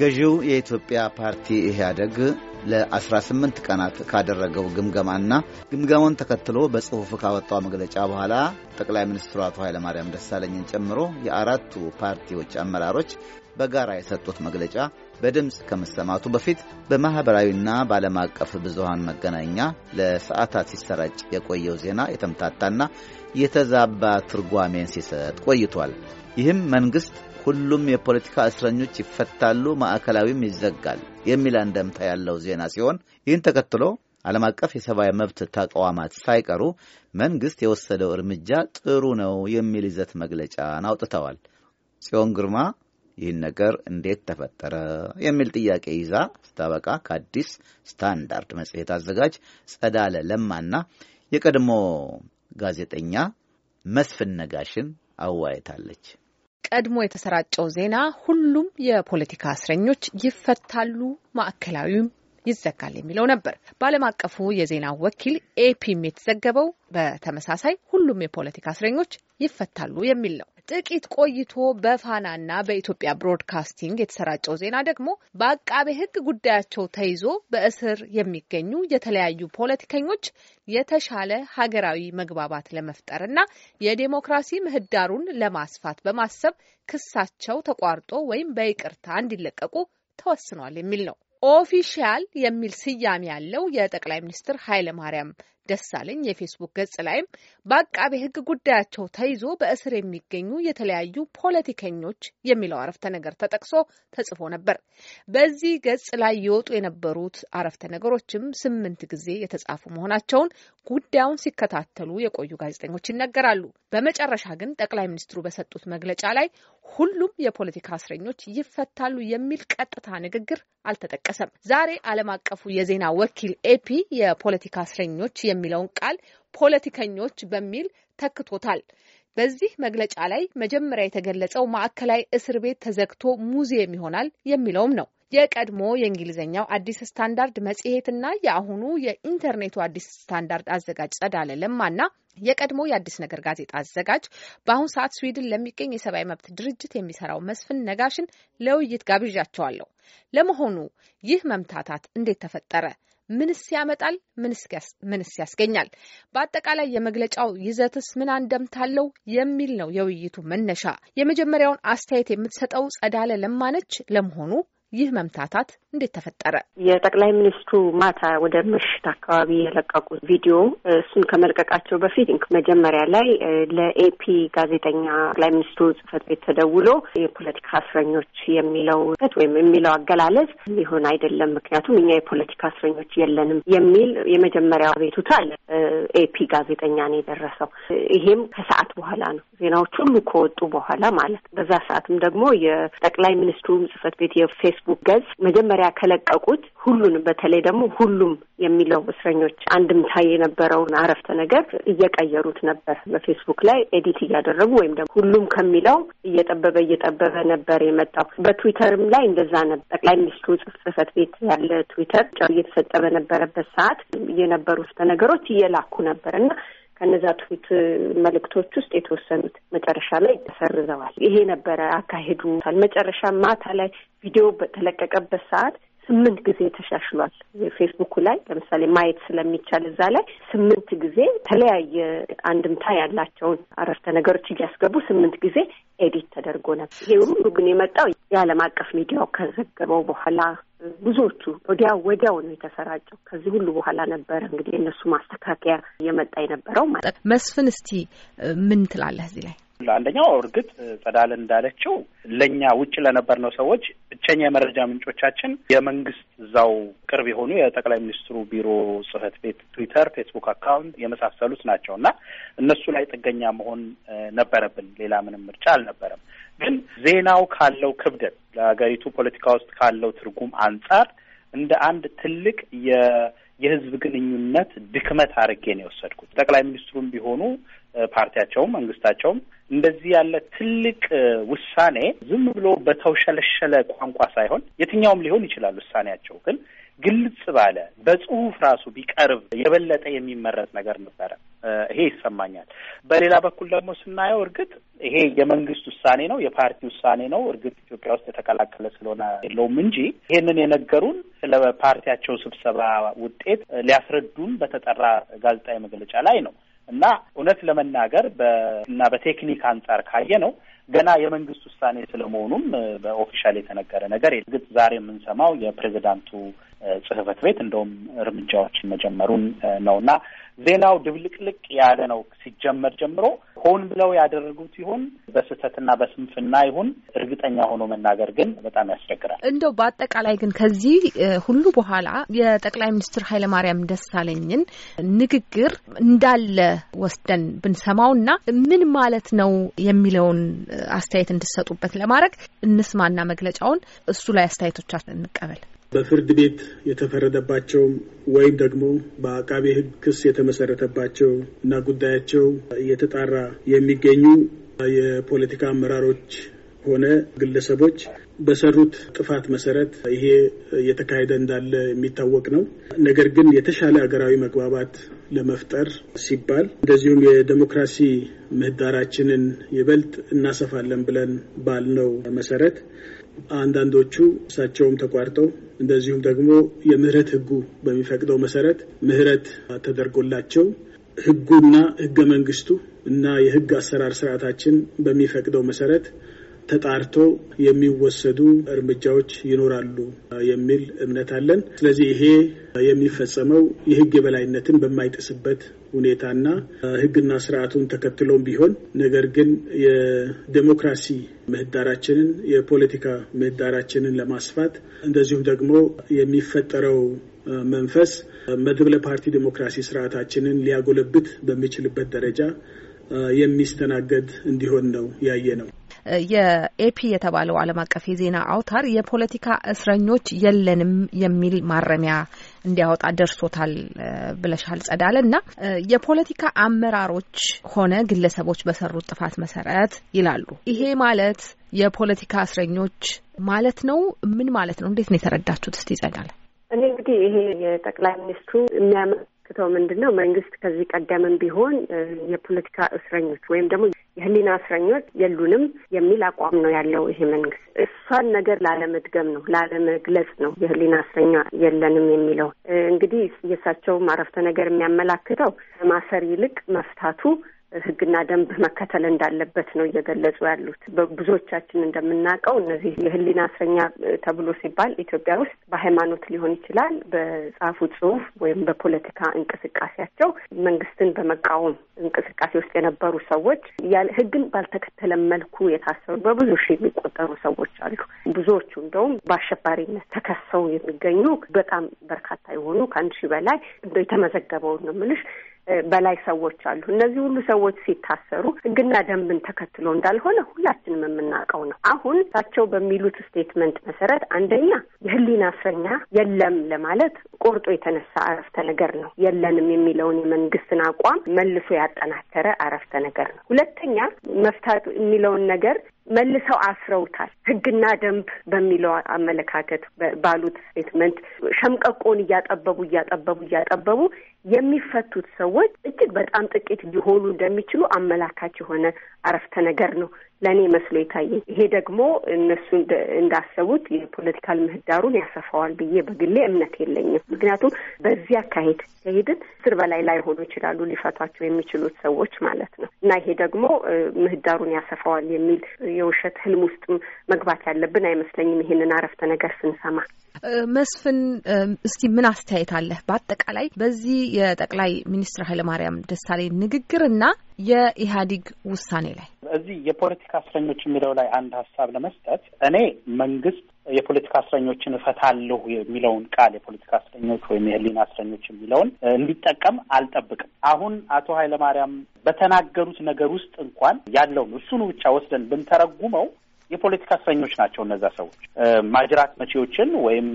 ገዢው የኢትዮጵያ ፓርቲ ኢህአደግ ለ18 ቀናት ካደረገው ግምገማና ግምገማውን ተከትሎ በጽሑፍ ካወጣው መግለጫ በኋላ ጠቅላይ ሚኒስትሩ አቶ ኃይለማርያም ደሳለኝን ጨምሮ የአራቱ ፓርቲዎች አመራሮች በጋራ የሰጡት መግለጫ በድምፅ ከመሰማቱ በፊት በማኅበራዊና በዓለም አቀፍ ብዙሃን መገናኛ ለሰዓታት ሲሰራጭ የቆየው ዜና የተምታታና የተዛባ ትርጓሜን ሲሰጥ ቆይቷል። ይህም መንግሥት ሁሉም የፖለቲካ እስረኞች ይፈታሉ፣ ማዕከላዊም ይዘጋል የሚል አንደምታ ያለው ዜና ሲሆን ይህን ተከትሎ ዓለም አቀፍ የሰብአዊ መብት ተቋማት ሳይቀሩ መንግሥት የወሰደው እርምጃ ጥሩ ነው የሚል ይዘት መግለጫን አውጥተዋል። ጽዮን ግርማ ይህን ነገር እንዴት ተፈጠረ የሚል ጥያቄ ይዛ ስታበቃ ከአዲስ ስታንዳርድ መጽሔት አዘጋጅ ጸዳለ ለማና የቀድሞ ጋዜጠኛ መስፍን ነጋሽን አዋይታለች። ቀድሞ የተሰራጨው ዜና ሁሉም የፖለቲካ እስረኞች ይፈታሉ፣ ማዕከላዊም ይዘጋል የሚለው ነበር። በዓለም አቀፉ የዜና ወኪል ኤፒም የተዘገበው በተመሳሳይ ሁሉም የፖለቲካ እስረኞች ይፈታሉ የሚል ነው። ጥቂት ቆይቶ በፋናና በኢትዮጵያ ብሮድካስቲንግ የተሰራጨው ዜና ደግሞ በአቃቤ ሕግ ጉዳያቸው ተይዞ በእስር የሚገኙ የተለያዩ ፖለቲከኞች የተሻለ ሀገራዊ መግባባት እና የዴሞክራሲ ምህዳሩን ለማስፋት በማሰብ ክሳቸው ተቋርጦ ወይም በይቅርታ እንዲለቀቁ ተወስኗል የሚል ነው። ኦፊሻል የሚል ስያሜ ያለው የጠቅላይ ሚኒስትር ኃይለ ማርያም ደሳለኝ የፌስቡክ ገጽ ላይም በአቃቤ ሕግ ጉዳያቸው ተይዞ በእስር የሚገኙ የተለያዩ ፖለቲከኞች የሚለው አረፍተ ነገር ተጠቅሶ ተጽፎ ነበር። በዚህ ገጽ ላይ የወጡ የነበሩት አረፍተ ነገሮችም ስምንት ጊዜ የተጻፉ መሆናቸውን ጉዳዩን ሲከታተሉ የቆዩ ጋዜጠኞች ይነገራሉ። በመጨረሻ ግን ጠቅላይ ሚኒስትሩ በሰጡት መግለጫ ላይ ሁሉም የፖለቲካ እስረኞች ይፈታሉ የሚል ቀጥታ ንግግር አልተጠቀሰም። ዛሬ ዓለም አቀፉ የዜና ወኪል ኤፒ የፖለቲካ እስረኞች የሚለውን ቃል ፖለቲከኞች በሚል ተክቶታል። በዚህ መግለጫ ላይ መጀመሪያ የተገለጸው ማዕከላዊ እስር ቤት ተዘግቶ ሙዚየም ይሆናል የሚለውም ነው። የቀድሞ የእንግሊዝኛው አዲስ ስታንዳርድ መጽሔትና የአሁኑ የኢንተርኔቱ አዲስ ስታንዳርድ አዘጋጅ ጸዳለ ለማና የቀድሞ የአዲስ ነገር ጋዜጣ አዘጋጅ በአሁኑ ሰዓት ስዊድን ለሚገኝ የሰብአዊ መብት ድርጅት የሚሰራው መስፍን ነጋሽን ለውይይት ጋብዣቸዋለሁ። ለመሆኑ ይህ መምታታት እንዴት ተፈጠረ? ምንስ ያመጣል? ምንስ ያስገኛል? በአጠቃላይ የመግለጫው ይዘትስ ምን አንደምታለው የሚል ነው የውይይቱ መነሻ። የመጀመሪያውን አስተያየት የምትሰጠው ጸዳለ ለማነች። ለመሆኑ ይህ መምታታት እንዴት ተፈጠረ? የጠቅላይ ሚኒስትሩ ማታ ወደ ምሽት አካባቢ የለቀቁት ቪዲዮ እሱን ከመልቀቃቸው በፊት መጀመሪያ ላይ ለኤፒ ጋዜጠኛ ጠቅላይ ሚኒስትሩ ጽህፈት ቤት ተደውሎ የፖለቲካ እስረኞች የሚለው ት ወይም የሚለው አገላለጽ ሊሆን አይደለም፣ ምክንያቱም እኛ የፖለቲካ እስረኞች የለንም የሚል የመጀመሪያ ቤቱታ አለ። ኤፒ ጋዜጠኛ ነው የደረሰው። ይሄም ከሰዓት በኋላ ነው፣ ዜናዎች ሁሉ ከወጡ በኋላ ማለት በዛ ሰዓትም ደግሞ የጠቅላይ ሚኒስትሩ ጽህፈት ቤት የፌስ የፌስቡክ ገጽ መጀመሪያ ከለቀቁት ሁሉንም በተለይ ደግሞ ሁሉም የሚለው እስረኞች አንድምታ የነበረውን አረፍተ ነገር እየቀየሩት ነበር። በፌስቡክ ላይ ኤዲት እያደረጉ ወይም ደግሞ ሁሉም ከሚለው እየጠበበ እየጠበበ ነበር የመጣው። በትዊተርም ላይ እንደዛ ነበር። ጠቅላይ ሚኒስትሩ ጽህፈት ቤት ያለ ትዊተር እየተሰጠ በነበረበት ሰዓት የነበሩት ነገሮች እየላኩ ነበር እና ከነዛ ትሁት መልእክቶች ውስጥ የተወሰኑት መጨረሻ ላይ ተሰርዘዋል። ይሄ ነበረ አካሄዱ። መጨረሻ ማታ ላይ ቪዲዮ በተለቀቀበት ሰዓት ስምንት ጊዜ ተሻሽሏል። ፌስቡኩ ላይ ለምሳሌ ማየት ስለሚቻል እዛ ላይ ስምንት ጊዜ የተለያየ አንድምታ ያላቸውን አረፍተ ነገሮች እያስገቡ ስምንት ጊዜ ኤዲት ተደርጎ ነበር። ይሄ ሁሉ ግን የመጣው የዓለም አቀፍ ሚዲያው ከዘገበው በኋላ ብዙዎቹ ወዲያ ወዲያው ነው የተሰራጨው። ከዚህ ሁሉ በኋላ ነበረ እንግዲህ የእነሱ ማስተካከያ እየመጣ የነበረው ማለት መስፍን፣ እስቲ ምን ትላለህ እዚህ ላይ? አንደኛው እርግጥ ጸዳል እንዳለችው ለእኛ ውጭ ለነበርነው ሰዎች ብቸኛ የመረጃ ምንጮቻችን የመንግስት እዛው ቅርብ የሆኑ የጠቅላይ ሚኒስትሩ ቢሮ ጽህፈት ቤት ትዊተር፣ ፌስቡክ አካውንት የመሳሰሉት ናቸው እና እነሱ ላይ ጥገኛ መሆን ነበረብን። ሌላ ምንም ምርጫ አልነበረም። ግን ዜናው ካለው ክብደት ለሀገሪቱ ፖለቲካ ውስጥ ካለው ትርጉም አንጻር እንደ አንድ ትልቅ የህዝብ ግንኙነት ድክመት አድርጌ ነው የወሰድኩት። ጠቅላይ ሚኒስትሩም ቢሆኑ ፓርቲያቸውም መንግስታቸውም እንደዚህ ያለ ትልቅ ውሳኔ ዝም ብሎ በተውሸለሸለ ቋንቋ ሳይሆን የትኛውም ሊሆን ይችላል ውሳኔያቸው ግን ግልጽ ባለ በጽሁፍ ራሱ ቢቀርብ የበለጠ የሚመረጥ ነገር ነበረ። ይሄ ይሰማኛል። በሌላ በኩል ደግሞ ስናየው እርግጥ ይሄ የመንግስት ውሳኔ ነው፣ የፓርቲ ውሳኔ ነው። እርግጥ ኢትዮጵያ ውስጥ የተቀላቀለ ስለሆነ የለውም እንጂ ይሄንን የነገሩን ስለ ፓርቲያቸው ስብሰባ ውጤት ሊያስረዱን በተጠራ ጋዜጣዊ መግለጫ ላይ ነው። እና እውነት ለመናገር እና በቴክኒክ አንጻር ካየ ነው ገና የመንግስት ውሳኔ ስለመሆኑም በኦፊሻል የተነገረ ነገር የግጥ ዛሬ የምንሰማው የፕሬዚዳንቱ ጽህፈት ቤት እንደውም እርምጃዎችን መጀመሩን ነው እና ዜናው ድብልቅልቅ ያለ ነው። ሲጀመር ጀምሮ ሆን ብለው ያደረጉት ይሁን በስህተትና በስንፍና ይሁን እርግጠኛ ሆኖ መናገር ግን በጣም ያስቸግራል። እንደው በአጠቃላይ ግን ከዚህ ሁሉ በኋላ የጠቅላይ ሚኒስትር ኃይለማርያም ደሳለኝን ንግግር እንዳለ ወስደን ብንሰማውና ምን ማለት ነው የሚለውን አስተያየት እንድሰጡበት ለማድረግ እንስማና መግለጫውን እሱ ላይ አስተያየቶቻችን እንቀበል። በፍርድ ቤት የተፈረደባቸው ወይም ደግሞ በአቃቤ ሕግ ክስ የተመሰረተባቸው እና ጉዳያቸው እየተጣራ የሚገኙ የፖለቲካ አመራሮች ሆነ ግለሰቦች በሰሩት ጥፋት መሰረት ይሄ እየተካሄደ እንዳለ የሚታወቅ ነው። ነገር ግን የተሻለ ሀገራዊ መግባባት ለመፍጠር ሲባል እንደዚሁም የዴሞክራሲ ምህዳራችንን ይበልጥ እናሰፋለን ብለን ባልነው መሰረት አንዳንዶቹ እሳቸውም ተቋርጠው እንደዚሁም ደግሞ የምህረት ህጉ በሚፈቅደው መሰረት ምህረት ተደርጎላቸው ህጉና ህገ መንግስቱ እና የህግ አሰራር ስርዓታችን በሚፈቅደው መሰረት ተጣርቶ የሚወሰዱ እርምጃዎች ይኖራሉ የሚል እምነት አለን። ስለዚህ ይሄ የሚፈጸመው የህግ የበላይነትን በማይጥስበት ሁኔታና ህግና ስርዓቱን ተከትሎም ቢሆን ነገር ግን የዴሞክራሲ ምህዳራችንን የፖለቲካ ምህዳራችንን ለማስፋት እንደዚሁም ደግሞ የሚፈጠረው መንፈስ መድብለ ፓርቲ ዴሞክራሲ ስርዓታችንን ሊያጎለብት በሚችልበት ደረጃ የሚስተናገድ እንዲሆን ነው ያየ ነው። የኤፒ የተባለው ዓለም አቀፍ የዜና አውታር የፖለቲካ እስረኞች የለንም የሚል ማረሚያ እንዲያወጣ ደርሶታል ብለሻል ጸዳለ። እና የፖለቲካ አመራሮች ሆነ ግለሰቦች በሰሩት ጥፋት መሰረት ይላሉ። ይሄ ማለት የፖለቲካ እስረኞች ማለት ነው? ምን ማለት ነው? እንዴት ነው የተረዳችሁት? እስቲ ጸዳለ። እኔ እንግዲህ ይሄ የጠቅላይ ሚኒስትሩ የሚያመ የሚያመለክተው ምንድን ነው? መንግስት ከዚህ ቀደምም ቢሆን የፖለቲካ እስረኞች ወይም ደግሞ የህሊና እስረኞች የሉንም የሚል አቋም ነው ያለው ይሄ መንግስት። እሷን ነገር ላለመድገም ነው ላለመግለጽ ነው የህሊና እስረኛ የለንም የሚለው። እንግዲህ የእሳቸው ማረፍተ ነገር የሚያመላክተው ከማሰር ይልቅ መፍታቱ ህግና ደንብ መከተል እንዳለበት ነው እየገለጹ ያሉት። ብዙዎቻችን እንደምናውቀው እነዚህ የህሊና እስረኛ ተብሎ ሲባል ኢትዮጵያ ውስጥ በሃይማኖት ሊሆን ይችላል፣ በጻፉ ጽሁፍ ወይም በፖለቲካ እንቅስቃሴያቸው መንግስትን በመቃወም እንቅስቃሴ ውስጥ የነበሩ ሰዎች ያለ ህግን ባልተከተለ መልኩ የታሰሩ በብዙ ሺህ የሚቆጠሩ ሰዎች አሉ። ብዙዎቹ እንደውም በአሸባሪነት ተከሰው የሚገኙ በጣም በርካታ የሆኑ ከአንድ ሺህ በላይ የተመዘገበውን ነው የምልሽ በላይ ሰዎች አሉ። እነዚህ ሁሉ ሰዎች ሲታሰሩ ህግና ደንብን ተከትሎ እንዳልሆነ ሁላችንም የምናውቀው ነው። አሁን እሳቸው በሚሉት ስቴትመንት መሰረት አንደኛ የህሊና እስረኛ የለም ለማለት ቆርጦ የተነሳ አረፍተ ነገር ነው። የለንም የሚለውን የመንግስትን አቋም መልሶ ያጠናከረ አረፍተ ነገር ነው። ሁለተኛ መፍታት የሚለውን ነገር መልሰው አስረውታል። ህግና ደንብ በሚለው አመለካከት ባሉት ስቴትመንት ሸምቀቆን እያጠበቡ እያጠበቡ እያጠበቡ የሚፈቱት ሰዎች እጅግ በጣም ጥቂት ሊሆኑ እንደሚችሉ አመላካች የሆነ አረፍተ ነገር ነው ለእኔ መስሎ የታየኝ። ይሄ ደግሞ እነሱ እንዳሰቡት የፖለቲካል ምህዳሩን ያሰፋዋል ብዬ በግሌ እምነት የለኝም። ምክንያቱም በዚህ አካሄድ ከሄድን ስር በላይ ላይሆኑ ይችላሉ ሊፈቷቸው የሚችሉት ሰዎች ማለት ነው እና ይሄ ደግሞ ምህዳሩን ያሰፋዋል የሚል የውሸት ህልም ውስጥ መግባት ያለብን አይመስለኝም። ይሄንን አረፍተ ነገር ስንሰማ መስፍን፣ እስቲ ምን አስተያየት አለህ? በአጠቃላይ በዚህ የጠቅላይ ሚኒስትር ኃይለማርያም ደሳለኝ ንግግርና የኢህአዴግ ውሳኔ ላይ እዚህ የፖለቲካ እስረኞች የሚለው ላይ አንድ ሀሳብ ለመስጠት እኔ መንግስት የፖለቲካ እስረኞችን እፈታለሁ የሚለውን ቃል የፖለቲካ እስረኞች ወይም የህሊና እስረኞች የሚለውን እንዲጠቀም አልጠብቅም። አሁን አቶ ኃይለማርያም በተናገሩት ነገር ውስጥ እንኳን ያለውን እሱን ብቻ ወስደን ብንተረጉመው የፖለቲካ እስረኞች ናቸው። እነዛ ሰዎች ማጅራት መቺዎችን ወይም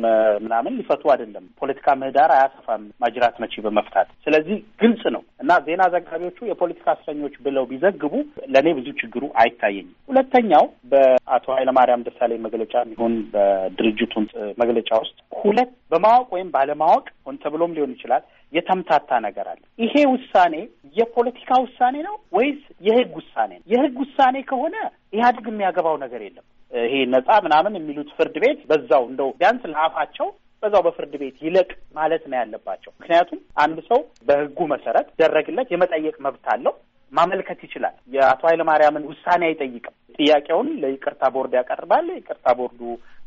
ምናምን ሊፈቱ አይደለም። ፖለቲካ ምህዳር አያሰፋም ማጅራት መቺ በመፍታት ስለዚህ ግልጽ ነው እና ዜና ዘጋቢዎቹ የፖለቲካ እስረኞች ብለው ቢዘግቡ ለእኔ ብዙ ችግሩ አይታየኝም። ሁለተኛው በአቶ ኃይለማርያም ደሳለኝ መግለጫ ቢሆን በድርጅቱን መግለጫ ውስጥ ሁለት በማወቅ ወይም ባለማወቅ ሆን ተብሎም ሊሆን ይችላል የተምታታ ነገር አለ። ይሄ ውሳኔ የፖለቲካ ውሳኔ ነው ወይስ የህግ ውሳኔ ነው? የህግ ውሳኔ ከሆነ ኢህአዴግ የሚያገባው ነገር የለም። ይሄ ነጻ ምናምን የሚሉት ፍርድ ቤት በዛው እንደው ቢያንስ ለአፋቸው በዛው በፍርድ ቤት ይለቅ ማለት ነው ያለባቸው። ምክንያቱም አንድ ሰው በህጉ መሰረት ደረግለት የመጠየቅ መብት አለው፣ ማመልከት ይችላል። የአቶ ኃይለማርያምን ውሳኔ አይጠይቅም። ጥያቄውን ለይቅርታ ቦርድ ያቀርባል። ይቅርታ ቦርዱ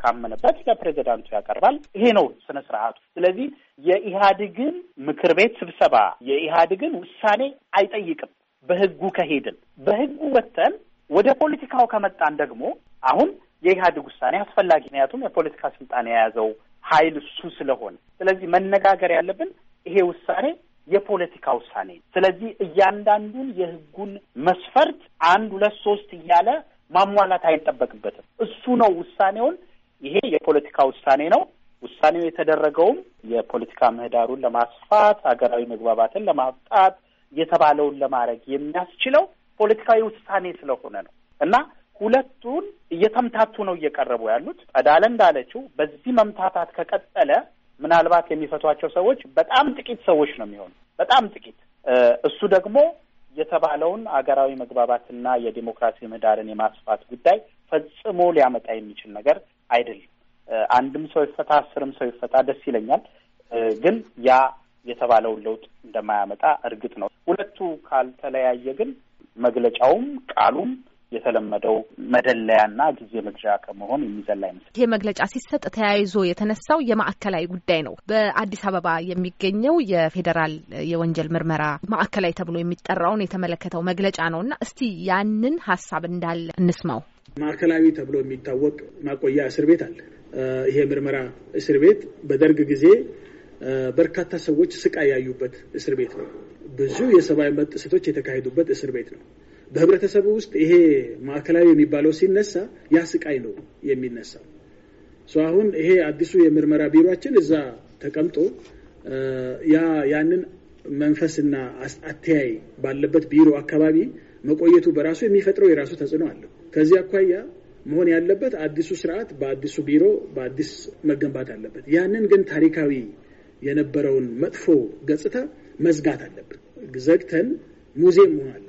ካመነበት ለፕሬዚዳንቱ ያቀርባል። ይሄ ነው ስነ ስርዓቱ። ስለዚህ የኢህአዴግን ምክር ቤት ስብሰባ፣ የኢህአዴግን ውሳኔ አይጠይቅም። በህጉ ከሄድን በህጉ ወጥተን ወደ ፖለቲካው ከመጣን ደግሞ አሁን የኢህአዴግ ውሳኔ አስፈላጊ ምክንያቱም የፖለቲካ ስልጣን የያዘው ኃይል እሱ ስለሆነ፣ ስለዚህ መነጋገር ያለብን ይሄ ውሳኔ የፖለቲካ ውሳኔ። ስለዚህ እያንዳንዱን የህጉን መስፈርት አንድ ሁለት ሶስት እያለ ማሟላት አይጠበቅበትም። እሱ ነው ውሳኔውን። ይሄ የፖለቲካ ውሳኔ ነው። ውሳኔው የተደረገውም የፖለቲካ ምህዳሩን ለማስፋት ሀገራዊ መግባባትን ለማምጣት የተባለውን ለማድረግ የሚያስችለው ፖለቲካዊ ውሳኔ ስለሆነ ነው እና ሁለቱን እየተምታቱ ነው እየቀረቡ ያሉት። ቀዳለ እንዳለችው በዚህ መምታታት ከቀጠለ ምናልባት የሚፈቷቸው ሰዎች በጣም ጥቂት ሰዎች ነው የሚሆኑ፣ በጣም ጥቂት። እሱ ደግሞ የተባለውን አገራዊ መግባባትና የዲሞክራሲ ምህዳርን የማስፋት ጉዳይ ፈጽሞ ሊያመጣ የሚችል ነገር አይደለም። አንድም ሰው ይፈታ፣ አስርም ሰው ይፈታ ደስ ይለኛል፣ ግን ያ የተባለውን ለውጥ እንደማያመጣ እርግጥ ነው። ሁለቱ ካልተለያየ ግን መግለጫውም ቃሉም የተለመደው መደለያና ጊዜ መግዣ ከመሆን የሚዘላ አይመስል። ይህ መግለጫ ሲሰጥ ተያይዞ የተነሳው የማዕከላዊ ጉዳይ ነው። በአዲስ አበባ የሚገኘው የፌዴራል የወንጀል ምርመራ ማዕከላዊ ተብሎ የሚጠራውን የተመለከተው መግለጫ ነው እና እስቲ ያንን ሀሳብ እንዳለ እንስማው። ማዕከላዊ ተብሎ የሚታወቅ ማቆያ እስር ቤት አለ። ይሄ ምርመራ እስር ቤት በደርግ ጊዜ በርካታ ሰዎች ስቃይ ያዩበት እስር ቤት ነው። ብዙ የሰብአዊ መብት ጥሰቶች የተካሄዱበት እስር ቤት ነው። በህብረተሰቡ ውስጥ ይሄ ማዕከላዊ የሚባለው ሲነሳ ያ ስቃይ ነው የሚነሳው። አሁን ይሄ አዲሱ የምርመራ ቢሮችን እዛ ተቀምጦ ያ ያንን መንፈስና አተያይ ባለበት ቢሮ አካባቢ መቆየቱ በራሱ የሚፈጥረው የራሱ ተጽዕኖ አለው። ከዚህ አኳያ መሆን ያለበት አዲሱ ስርዓት በአዲሱ ቢሮ በአዲስ መገንባት አለበት። ያንን ግን ታሪካዊ የነበረውን መጥፎ ገጽታ መዝጋት አለብን። ዘግተን ሙዚየም መሆን አለ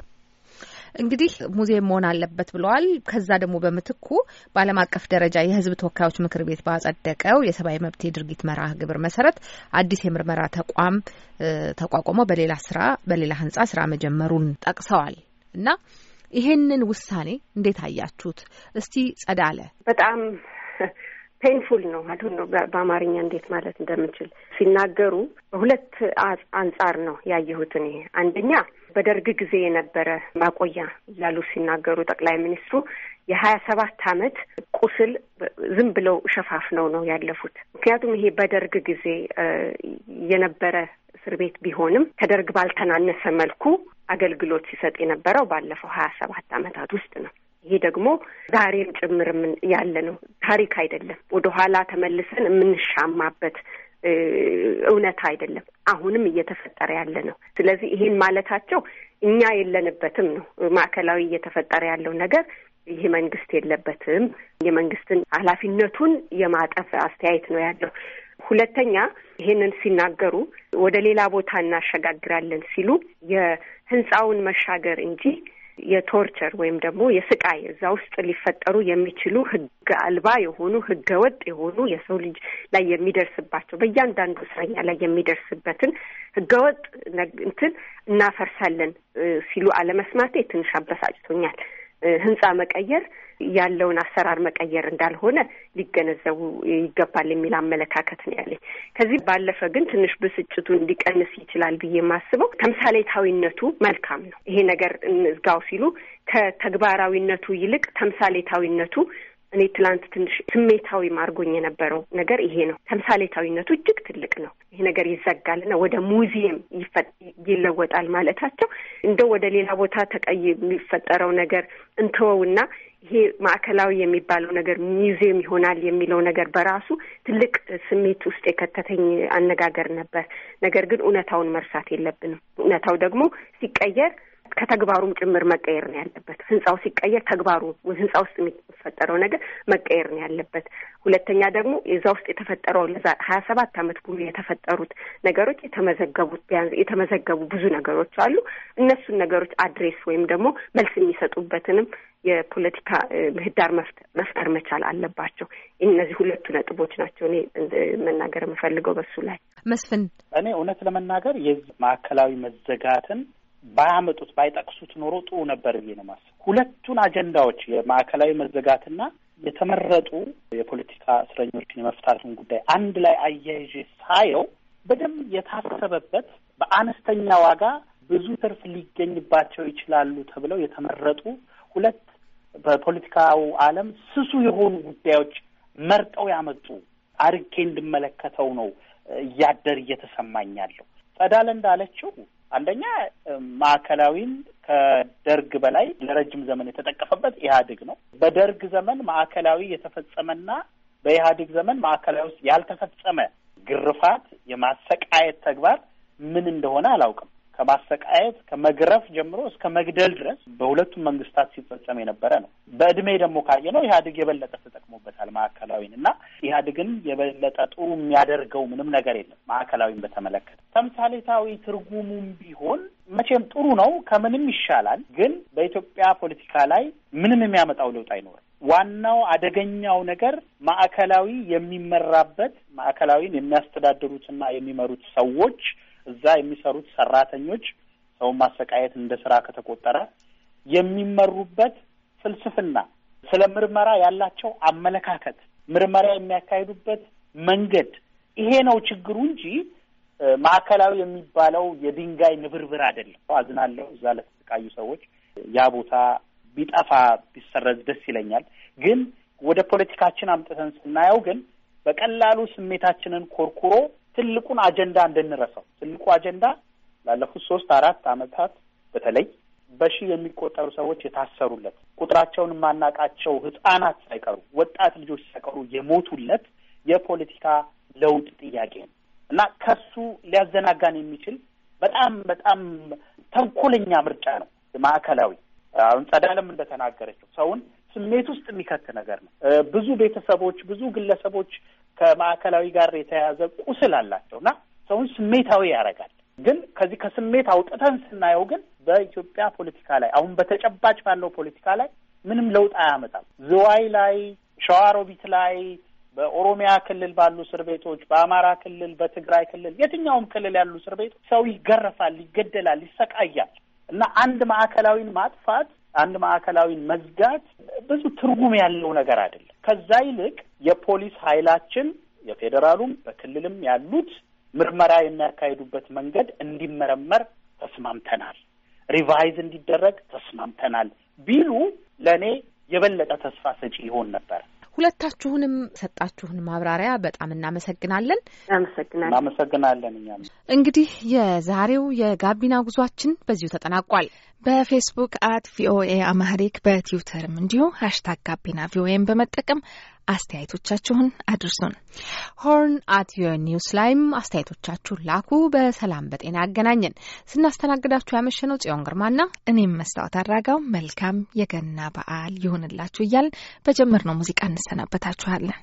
እንግዲህ ሙዚየም መሆን አለበት ብለዋል። ከዛ ደግሞ በምትኩ በዓለም አቀፍ ደረጃ የሕዝብ ተወካዮች ምክር ቤት ባጸደቀው የሰብአዊ መብት የድርጊት መርሃ ግብር መሰረት አዲስ የምርመራ ተቋም ተቋቁሞ በሌላ ስራ በሌላ ህንጻ ስራ መጀመሩን ጠቅሰዋል እና ይሄንን ውሳኔ እንዴት አያችሁት? እስቲ ጸዳለ በጣም ፔንፉል ነው። አሁን ነው በአማርኛ እንዴት ማለት እንደምችል ሲናገሩ በሁለት አንጻር ነው ያየሁትን። ይሄ አንደኛ በደርግ ጊዜ የነበረ ማቆያ እያሉ ሲናገሩ ጠቅላይ ሚኒስትሩ የሀያ ሰባት አመት ቁስል ዝም ብለው ሸፋፍነው ነው ያለፉት። ምክንያቱም ይሄ በደርግ ጊዜ የነበረ እስር ቤት ቢሆንም ከደርግ ባልተናነሰ መልኩ አገልግሎት ሲሰጥ የነበረው ባለፈው ሀያ ሰባት አመታት ውስጥ ነው። ይሄ ደግሞ ዛሬም ጭምር ያለ ነው። ታሪክ አይደለም። ወደኋላ ተመልሰን የምንሻማበት እውነት አይደለም። አሁንም እየተፈጠረ ያለ ነው። ስለዚህ ይሄን ማለታቸው እኛ የለንበትም ነው። ማዕከላዊ እየተፈጠረ ያለው ነገር ይሄ መንግስት የለበትም። የመንግስትን ኃላፊነቱን የማጠፍ አስተያየት ነው ያለው። ሁለተኛ ይሄንን ሲናገሩ ወደ ሌላ ቦታ እናሸጋግራለን ሲሉ የህንፃውን መሻገር እንጂ የቶርቸር ወይም ደግሞ የስቃይ እዛ ውስጥ ሊፈጠሩ የሚችሉ ህግ አልባ የሆኑ ህገ ወጥ የሆኑ የሰው ልጅ ላይ የሚደርስባቸው በእያንዳንዱ እስረኛ ላይ የሚደርስበትን ህገ ወጥ እንትን እናፈርሳለን ሲሉ አለመስማቴ ትንሽ አበሳጭቶኛል። ህንፃ መቀየር ያለውን አሰራር መቀየር እንዳልሆነ ሊገነዘቡ ይገባል የሚል አመለካከት ነው ያለኝ። ከዚህ ባለፈ ግን ትንሽ ብስጭቱን ሊቀንስ ይችላል ብዬ የማስበው ተምሳሌታዊነቱ መልካም ነው። ይሄ ነገር እዝጋው ሲሉ ከተግባራዊነቱ ይልቅ ተምሳሌታዊነቱ እኔ ትላንት ትንሽ ስሜታዊ ማርጎኝ የነበረው ነገር ይሄ ነው። ተምሳሌታዊነቱ እጅግ ትልቅ ነው። ይሄ ነገር ይዘጋልና ወደ ሙዚየም ይለወጣል ማለታቸው እንደው ወደ ሌላ ቦታ ተቀይ የሚፈጠረው ነገር እንተወውና ይሄ ማዕከላዊ የሚባለው ነገር ሙዚየም ይሆናል የሚለው ነገር በራሱ ትልቅ ስሜት ውስጥ የከተተኝ አነጋገር ነበር። ነገር ግን እውነታውን መርሳት የለብንም። እውነታው ደግሞ ሲቀየር ከተግባሩም ጭምር መቀየር ነው ያለበት። ህንፃው ሲቀየር ተግባሩ ህንፃ ውስጥ የሚፈጠረው ነገር መቀየር ነው ያለበት። ሁለተኛ ደግሞ እዛ ውስጥ የተፈጠረው ለዛ ሀያ ሰባት አመት ሙሉ የተፈጠሩት ነገሮች የተመዘገቡት ቢያንስ የተመዘገቡ ብዙ ነገሮች አሉ። እነሱን ነገሮች አድሬስ ወይም ደግሞ መልስ የሚሰጡበትንም የፖለቲካ ምህዳር መፍጠር መቻል አለባቸው። እነዚህ ሁለቱ ነጥቦች ናቸው እኔ መናገር የምፈልገው በሱ ላይ መስፍን። እኔ እውነት ለመናገር የዚህ ማዕከላዊ መዘጋትን ባያመጡት ባይጠቅሱት ኖሮ ጥሩ ነበር ብዬ ነው የማስበው። ሁለቱን አጀንዳዎች የማዕከላዊ መዘጋትና የተመረጡ የፖለቲካ እስረኞችን የመፍታቱን ጉዳይ አንድ ላይ አያይዤ ሳየው በደንብ የታሰበበት በአነስተኛ ዋጋ ብዙ ትርፍ ሊገኝባቸው ይችላሉ ተብለው የተመረጡ ሁለት በፖለቲካው ዓለም ስሱ የሆኑ ጉዳዮች መርጠው ያመጡ አድርጌ እንድመለከተው ነው እያደር እየተሰማኝ ያለው። ጸዳለ እንዳለችው አንደኛ ማዕከላዊን ከደርግ በላይ ለረጅም ዘመን የተጠቀፈበት ኢህአዴግ ነው። በደርግ ዘመን ማዕከላዊ የተፈጸመና በኢህአዴግ ዘመን ማዕከላዊ ውስጥ ያልተፈጸመ ግርፋት፣ የማሰቃየት ተግባር ምን እንደሆነ አላውቅም። ከማሰቃየት ከመግረፍ ጀምሮ እስከ መግደል ድረስ በሁለቱም መንግስታት ሲፈጸም የነበረ ነው። በእድሜ ደግሞ ካየ ነው ኢህአዴግ የበለጠ ተጠቅሞበታል ማዕከላዊን እና ኢህአዴግን የበለጠ ጥሩ የሚያደርገው ምንም ነገር የለም። ማዕከላዊን በተመለከተ ተምሳሌታዊ ትርጉሙም ቢሆን መቼም ጥሩ ነው፣ ከምንም ይሻላል። ግን በኢትዮጵያ ፖለቲካ ላይ ምንም የሚያመጣው ለውጥ አይኖርም። ዋናው አደገኛው ነገር ማዕከላዊ የሚመራበት ማዕከላዊን የሚያስተዳድሩትና የሚመሩት ሰዎች እዛ የሚሰሩት ሰራተኞች ሰውን ማሰቃየት እንደ ስራ ከተቆጠረ የሚመሩበት ፍልስፍና፣ ስለ ምርመራ ያላቸው አመለካከት፣ ምርመራ የሚያካሂዱበት መንገድ ይሄ ነው ችግሩ እንጂ ማዕከላዊ የሚባለው የድንጋይ ንብርብር አይደለም። አዝናለሁ እዛ ለተሰቃዩ ሰዎች። ያ ቦታ ቢጠፋ ቢሰረዝ ደስ ይለኛል። ግን ወደ ፖለቲካችን አምጥተን ስናየው ግን በቀላሉ ስሜታችንን ኮርኩሮ ትልቁን አጀንዳ እንድንረሳው። ትልቁ አጀንዳ ላለፉት ሶስት አራት አመታት በተለይ በሺ የሚቆጠሩ ሰዎች የታሰሩለት ቁጥራቸውን የማናቃቸው ህጻናት ሳይቀሩ ወጣት ልጆች ሳይቀሩ የሞቱለት የፖለቲካ ለውጥ ጥያቄ ነው እና ከሱ ሊያዘናጋን የሚችል በጣም በጣም ተንኮለኛ ምርጫ ነው። ማዕከላዊ አሁን ጸዳለም እንደተናገረችው ሰውን ስሜት ውስጥ የሚከት ነገር ነው። ብዙ ቤተሰቦች፣ ብዙ ግለሰቦች ከማዕከላዊ ጋር የተያያዘ ቁስል አላቸው እና ሰውን ስሜታዊ ያደርጋል። ግን ከዚህ ከስሜት አውጥተን ስናየው ግን በኢትዮጵያ ፖለቲካ ላይ አሁን በተጨባጭ ባለው ፖለቲካ ላይ ምንም ለውጥ አያመጣም። ዝዋይ ላይ፣ ሸዋሮቢት ላይ፣ በኦሮሚያ ክልል ባሉ እስር ቤቶች፣ በአማራ ክልል፣ በትግራይ ክልል፣ የትኛውም ክልል ያሉ እስር ቤቶች ሰው ይገረፋል፣ ይገደላል፣ ይሰቃያል እና አንድ ማዕከላዊን ማጥፋት አንድ ማዕከላዊ መዝጋት ብዙ ትርጉም ያለው ነገር አይደለም። ከዛ ይልቅ የፖሊስ ኃይላችን የፌዴራሉም በክልልም ያሉት ምርመራ የሚያካሂዱበት መንገድ እንዲመረመር ተስማምተናል፣ ሪቫይዝ እንዲደረግ ተስማምተናል ቢሉ ለእኔ የበለጠ ተስፋ ሰጪ ይሆን ነበር። ሁለታችሁንም ሰጣችሁን ማብራሪያ በጣም እናመሰግናለን። እናመሰግናለን። እኛም እንግዲህ የዛሬው የጋቢና ጉዟችን በዚሁ ተጠናቋል። በፌስቡክ አት ቪኦኤ አማህሪክ በትዊተርም እንዲሁ ሀሽታግ ጋቢና ቪኦኤን በመጠቀም አስተያየቶቻችሁን አድርሱን። ሆርን አት ቪኦኤ ኒውስ ላይም አስተያየቶቻችሁን ላኩ። በሰላም በጤና ያገናኘን። ስናስተናግዳችሁ ያመሸነው ጽዮን ግርማና እኔም መስታወት አድራጋው። መልካም የገና በዓል ይሁንላችሁ እያልን በጀመርነው ሙዚቃ እንሰናበታችኋለን።